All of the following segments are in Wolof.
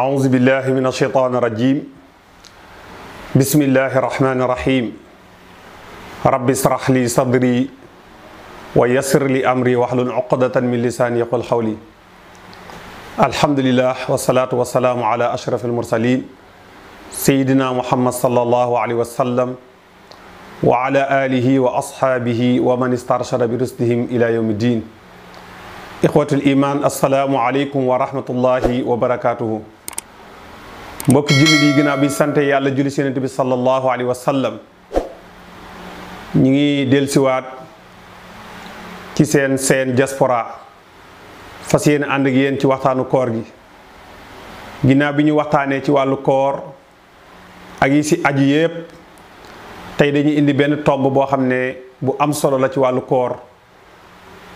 أعوذ بالله من الشيطان الرجيم بسم الله الرحمن الرحيم رب اشرح لي صدري ويسر لي أمري واحلل عقدة من لساني يقول حولي الحمد لله والصلاة والسلام على أشرف المرسلين سيدنا محمد صلى الله عليه وسلم وعلى آله وأصحابه ومن استرشد برسلهم إلى يوم الدين إخوة الإيمان السلام عليكم ورحمة الله وبركاته mbokk jullit yi ginnaaw bi sant yàlla julli si yonent bi sallallahu alayhi wa sallam ñu ngi dellusiwaat ci seen seen diaspora fas yéen ànd ak yéen ci waxtaanu koor gi ginnaaw bi ñu waxtaanee ci wàllu koor ak yi si aju yépp tey dañu indi benn tomb boo xam ne bu am solo la ci wàllu koor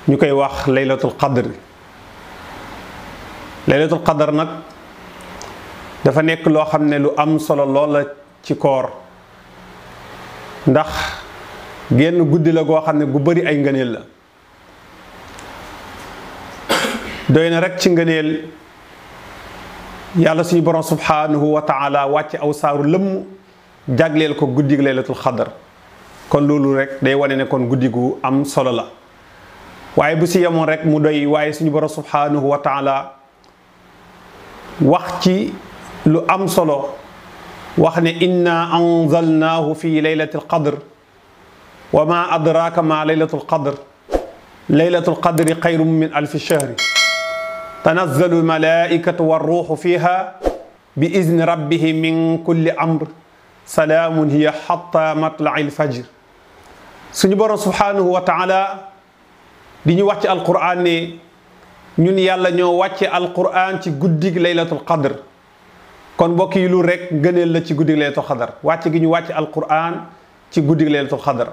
ñu koy wax laylatul qadr laylatul qadr nag dafa nekk loo xam ne lu am solo lool la ci koor ndax genn guddi la goo xam ne gu bari ay ngëneel la doy na rek ci ngëneel yàlla suñu borom subhanahu wa taala wàcce aw saaru lëmm jagleel ko guddi laylatul xadar kon loolu rek day wane ne kon guddi gu am solo la waaye bu si yemoon rek mu doy waaye suñu borom subhanahu wa taala wax ci لو ام صلو واخني انا انزلناه في ليله القدر وما ادراك ما ليله القدر ليله القدر خير من الف شهر تنزل الملائكه والروح فيها باذن ربه من كل امر سلام هي حتى مطلع الفجر سني بر سبحانه وتعالى دي ني القران ني ني يالا القران تي ليله القدر kon mbokk yi lu rek gëneel la ci guddi laylatul xadar wàcc gi ñu wàcc alquran ci guddi laylatul xadar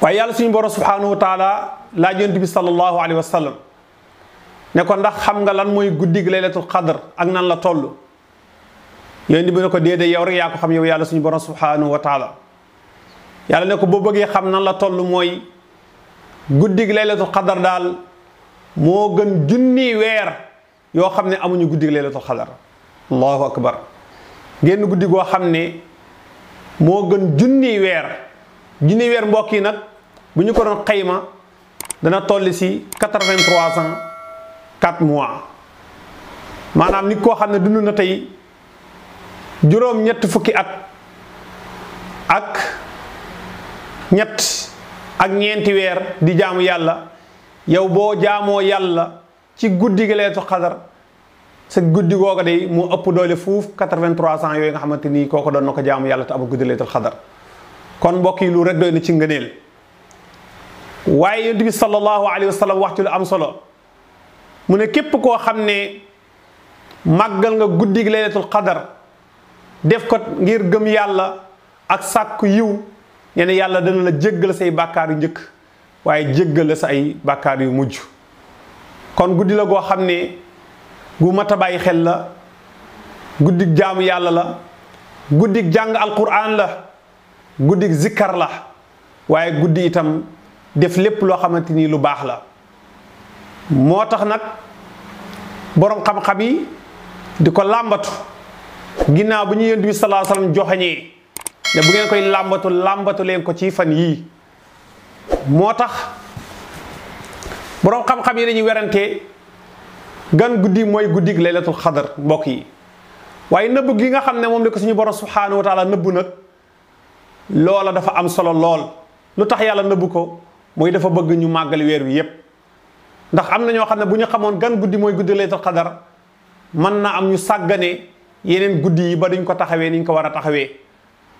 waaye yàlla suñu borom subhaanahu wa taala laaj yonent bi sallallahu alayhi wa sallam ne ko ndax xam nga lan mooy guddi laylatul xadar ak nan la toll yonent bi ne ko déedéet yow rek yaa xam yow yàlla suñu borom subhaanahu wa yàlla ne ko boo bëggee xam nan la toll mooy guddi laylatul xadar daal moo gën junni weer yoo xam ne amuñu guddi laylatul xadar allahu akbar génn guddi goo xam ne moo gën junni weer junni weer mbokk yi nag bu ñu ko doon xayma dana toll si quatre-vingt-trois maanaam nit koo xam ne dund na tey juróom ñett fukki at ak ñett ak ñeenti weer di jaamu yàlla yow boo jaamoo yàlla ci guddi gi leetu xadar sa guddi googa day mu ëpp doole fuuf 83 yooyu nga xamante ni kooko doon na ko jaamu yàlla te amul guddi leetul xadar kon mbokk yi lu rek ci ngëneel waaye yonent bi sallallahu alayhi wax ci lu am solo mu ne képp koo xam ne màggal nga guddi gi leetul xadar def ko ngir gëm yàlla ak sàkku yiw ñene yàlla dana la jéggal say bàkkaar yu njëkk waaye jéggal la sa ay bàkkaar yu mujj kon guddi la goo xam ne gu mat a bàyyi xel la guddi jaamu yàlla la guddik jàng alquran la guddi zikkar la waaye guddi itam def lépp loo xamante ni lu baax la moo tax nag boroom xam-xam yi di ko làmbatu ginnaaw bu ñu yonent bi sallallahu alayhi wasallam joxañee ne bu ngeen koy làmbatu làmbatu leen ko ci fan yii moo tax boroom xam-xam yi dañuy werantee gan guddi mooy guddig laylatul xadar mbokk yi waaye nëbb gi nga xam ne moom la ko suñu borom subhaanahu wa taala nëbb nag loola dafa am solo lool lu tax yàlla nëbb ko mooy dafa bëgg ñu màggal weer wi yépp ndax am na ñoo xam ne bu ñu xamoon gan guddi mooy guddi laylatul xadar mën na am ñu sàggane yeneen guddi yi ba duñ ko taxawee niñ ko war a taxawee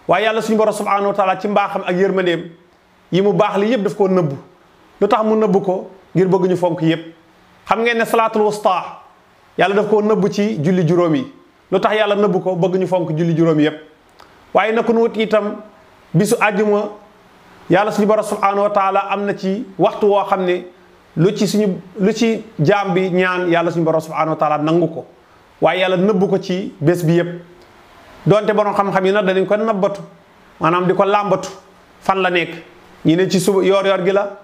waaye yàlla suñu borom subhaanahu wa ci mbaaxam ak yërmandeem yi mu baax yëpp daf koo nëbb lu tax mu nëbb ko ngir bëgguñu fonk yépp xam ngeen ne salaatul wusta yàlla daf koo nëbb ci julli juróom yi lu tax yàlla nëbb ko bëgguñu fonk julli juróom yépp waaye nag ko nu wut itam bisu àjjuma yàlla suñu borom subhaanahu wa am na ci waxtu woo xam ne lu ci suñu lu ci jaam bi ñaan yàlla suñu borom subhaanahu wa nangu ko waaye yàlla nëbb ko ci bés bi yépp donte borom xam-xam yi nag danañ ko nëbbatu maanaam di ko làmbatu fan la nekk ñi ne ci suba yoor gi la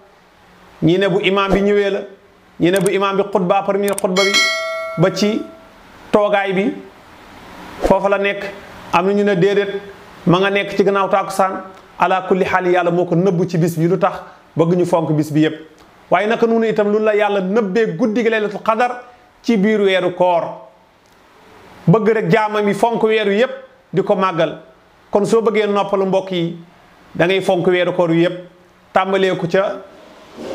ñi ne bu imaam bi ñëwee la ñi ne bu imaam bi xutba première xutba bi ba ci toogaay bi foofu la nekk am na ñu ne déedéet ma nga nekk ci gannaaw taakusaan ala kulli xaal yàlla moo ko nëbb ci bis bi lu tax bëgguñu fonk bis bi yépp waaye naka noonu itam lu la yàlla nëbbee guddi gi laylatul xadar ci biir weeru koor bëgg rek jaamam yi fonk weeru yépp di ko màggal kon soo bëggee noppalu mbokk yi dangay fonk weeru koor yu yépp tàmbalee ko ca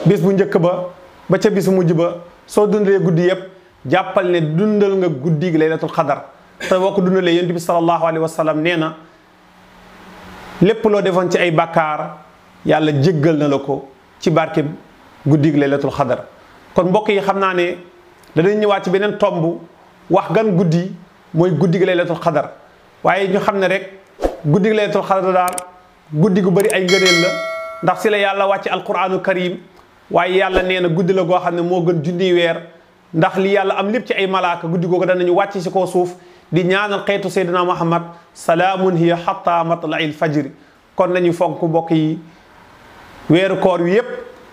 bis bu njëkk ba ba ca bisu mujj ba soo dundalee guddi yëpp jàppal ne dundal nga guddi gi laylatul xadar te boo ko dundalee yonent bi sallallahu alayhi wa sallam nee na lépp loo defoon ci ay bàkkaar yàlla jéggal na la ko ci barkeb guddi gi laylatul xadar kon mbokk yi xam naa ne danañ ñëwaat ci beneen tomb wax gan guddi mooy guddi gi laylatul xadar waaye ñu xam ne rek guddi gi laylatul xadar daal guddi gu bëri ay ngëneel la ndax si la yàlla wàcc alquraanu karim waaye yàlla nee na guddi la goo xam ne moo gën junniy weer ndax li yàlla am lépp ci ay malaaka guddi googu danañu wàcc si kaw suuf di ñaanal xeetu seydina muhammad salaamun hiya xatta matla'il fajri kon nañu fonk mbokk yi weeru koor wi yépp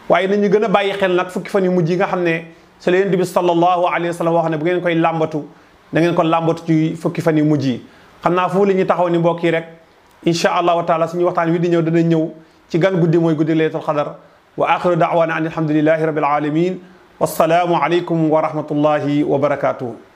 waaye nañu gën a bàyyi xel nag fukki fan yu mujj yi nga xam ne su la yonent bi sallallahu alayhi wa sallam wax ne bu ngeen koy làmbatu da ngeen ko làmbatu ci fukki fan yu mujj yi xam naa foofu la ñuy taxaw ni mbokk yi rek incha allahu taala suñu waxtaan wi di ñëw dana ñëw ci gan guddi mooy guddi laylatul qadar واخر دعوانا ان الحمد لله رب العالمين والسلام عليكم ورحمه الله وبركاته